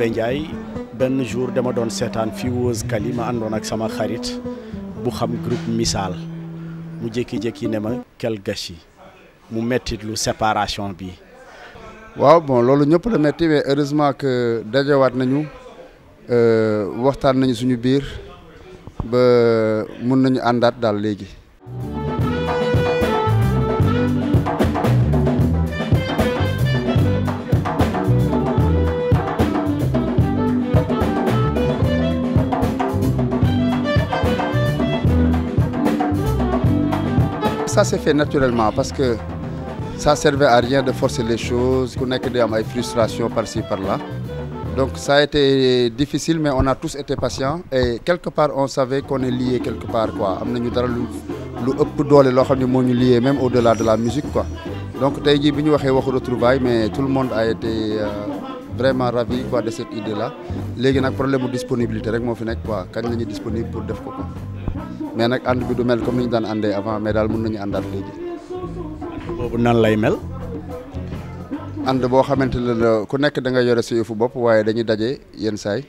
Kébé benn jour dama doon seetaan fii Woz Kali ma àndoon ak sama xarit bu xam groupe Misaal mu jékki-jékki ne ma quel gâchis mu métti lu séparation bi. waaw bon loolu ñëpp la métti mais heureusement que dajawaat nañu euh, waxtaan nañu suñu biir ba mun nañu àndaat daal léegi. ça s'est fait naturellement parce que ça servait à rien de forcer les choses, qu'on ait que des frustrations par-ci, par-là. Donc ça a été difficile, mais on a tous été patients. Et quelque part, on savait qu'on est liés quelque part. Quoi. On est liés, même au-delà de la musique. Quoi. Donc aujourd'hui, nous avons retrouvailles, mais tout le monde a été euh, vraiment ravi quoi, de cette idée-là. Maintenant, un problème de disponibilité, c'est que on est disponible pour le faire. mais nag ànd bi du mel comme ni ñu daan àndee avant mais daal mën nañu àndaat léegi. ànd boobu nan lay mel. ànd boo xamante ne la ku nekk da nga yore sa yëfu bopp waaye dañuy daje yenn saay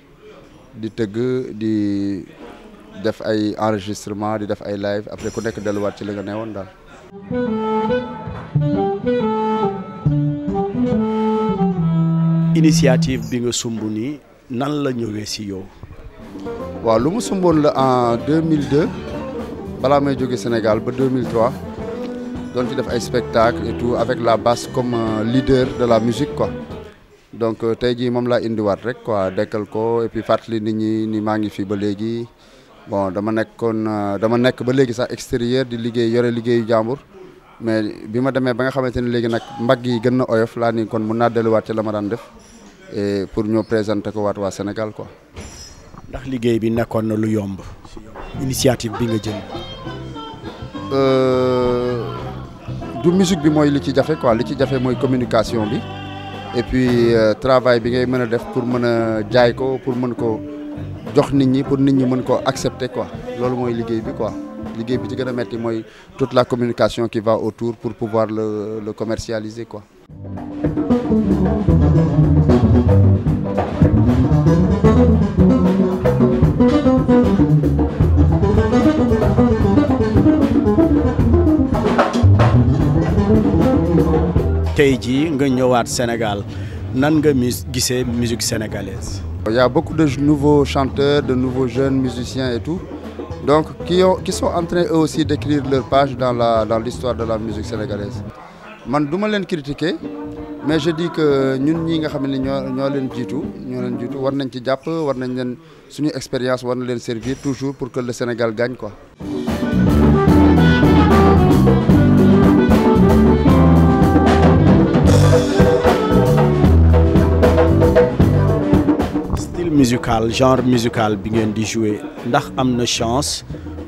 di tëgg di def ay enregistrement di def ay live après ku nekk delluwaat ci li nga newoon daal. initiative bi nga sumb nii nan la ñëwee si yow. waaw lu mu sumboon la en bala may jóge Sénégal ba 2003 doon ci def ay spectacle et tout avec la basse comme euh, leader de la musique quoi donc euh, tay ji mom la indi wat rek quoi dekkal ko et puis fatli nit ñi ni ma ngi fi ba légui bon dama nekkon euh, dama nekk ba légui sax extérieur di liggéey yore liggéeyu jambour mais bima démé ba nga xamante légui nak mbag mbagg yi gën na oyof la ni kon mun naa wat ci lama dan def et pour ñoo présenter ko wat wa Sénégal quoi. ndax liggéey bi nekkon na lu yomb. initiative bi nga jël. Euh, du musique bi moy li ci jafé quoi li ci jafé moy communication bi et puis euh, travail bi ngay mën def pour mën a jaay ko pour mën ko jox nit ñi pour nit ñi mën ko accepter quoi lolu moy liggéey bi quoi liggéey bi ci gëna metti moy toute la communication qui va autour pour pouvoir le le commercialiser quoi. Thank you. musique sénégalaise. Il y a beaucoup de nouveaux chanteurs de nouveaux jeunes musiciens et tout donc qui sont en train eux aussi d'écrire leur page dans l'histoire de la musique sénégalaise Je ne vais pas critiquer mais je dis que nous nga ne ñoo pas du tout ñoo leen jiitu war nañ ci une expérience war na servir toujours pour que le Sénégal gagne musical genre musical bi ngeen di jouer ndax am na chance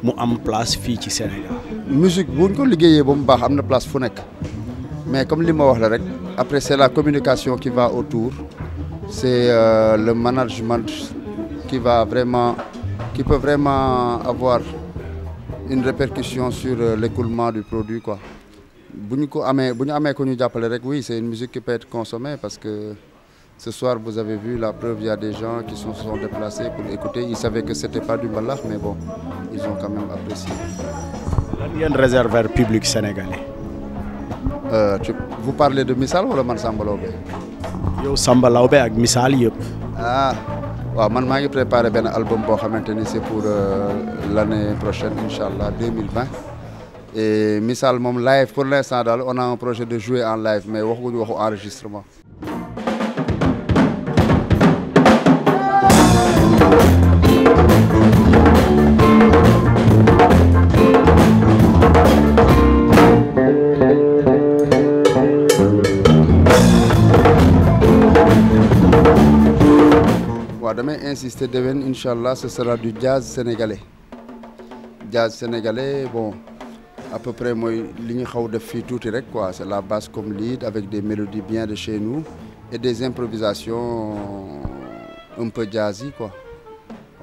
mu am place fii ci Sénégal. musique buñ ko liggéeyee ba mu baax am na place fu nekk mais comme li ma wax la rek après c'est la communication qui va autour c'est euh, le management qui va vraiment qui peut vraiment avoir une répercussion sur euh, l'écoulement du produit quoi buñ ko amee bu ñu amee ko ñu jàppale rek oui c'est une musique qui peut être consommée parce que. Ce soir, vous avez vu la preuve, il y a des gens qui se sont, déplacés pour écouter. Ils savaient que ce n'était pas du balach, mais bon, ils ont quand même apprécié. un réserveur public sénégalais. Euh, vous parlez de Missal ou de Sambalobé Yo Sambalaobé avec Missal yep. Ah, ouais, man prépare un album c'est pour euh, l'année prochaine, Inch'Allah, 2020. Et Missal, live, pour l'instant, on a un projet de jouer en live, mais on a un enregistrement. c'est demain, inshallah, ce sera du jazz sénégalais. Jazz sénégalais, bon, à peu près, moi, tout direct, quoi. C'est la basse comme lead avec des mélodies bien de chez nous et des improvisations un peu jazzy, quoi.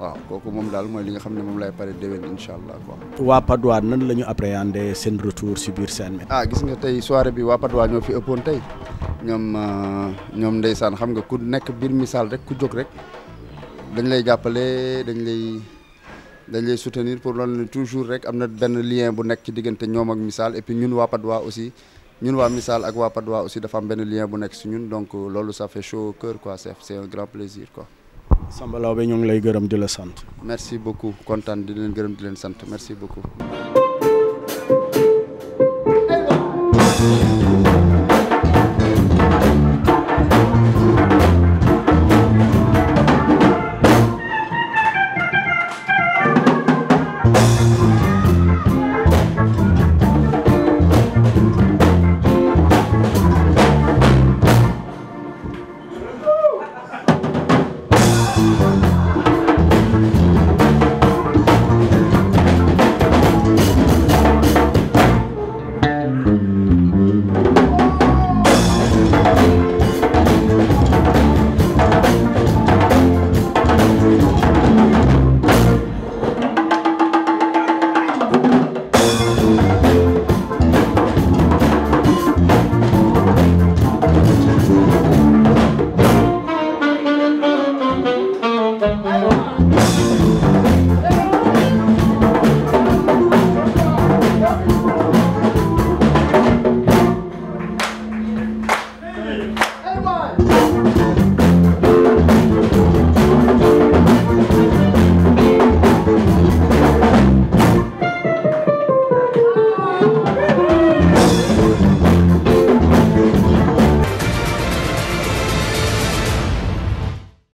waaw kooku moom daal mooy li nga xam ne moom lay pare déwén incha allah quoi. waa Padois nan la ñu appréhender seen retour si biir scène bi. ah gis nga tey soirée bi waa Padois ñoo fi ëppoon tey ñoom euh, ñoom ndeysaan xam nga ku nekk biir misaal rek ku jóg rek dañ lay jàppale dañ lay dañ lay soutenir pour loolu toujours rek am na benn lien bu nekk ci diggante ñoom ak misaal et puis ñun waa Patte aussi ñun waa misaal ak waa Patte aussi dafa am benn lien bu nekk si ñun donc loolu ça fait chaud au cœur quoi c' est un grand plaisir quoi. Samba Laobé ñu ngi lay gërëm di la sant. merci beaucoup kontaan di leen gërëm di leen sant merci beaucoup.